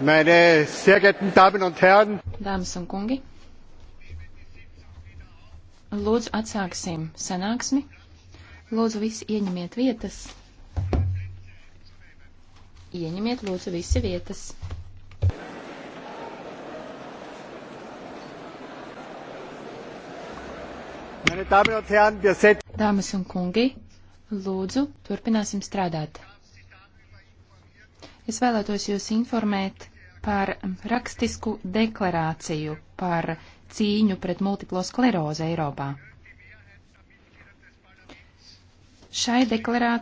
Meine sehr geehrten Damen und Herren, Dāmas un kungi, lūdzu atsāksim sanāksmi. Lūdzu visi ieņemiet vietas. Ieņemiet lūdzu visi vietas. Meine Damen und Herren, wir setzen. Dāmas un kungi, Lūdzu, turpināsim strādāt. Es vēlētos jūs informēt par rakstisku deklarāciju par cīņu pret multiplo sklerozi Eiropā. Šai deklarācijai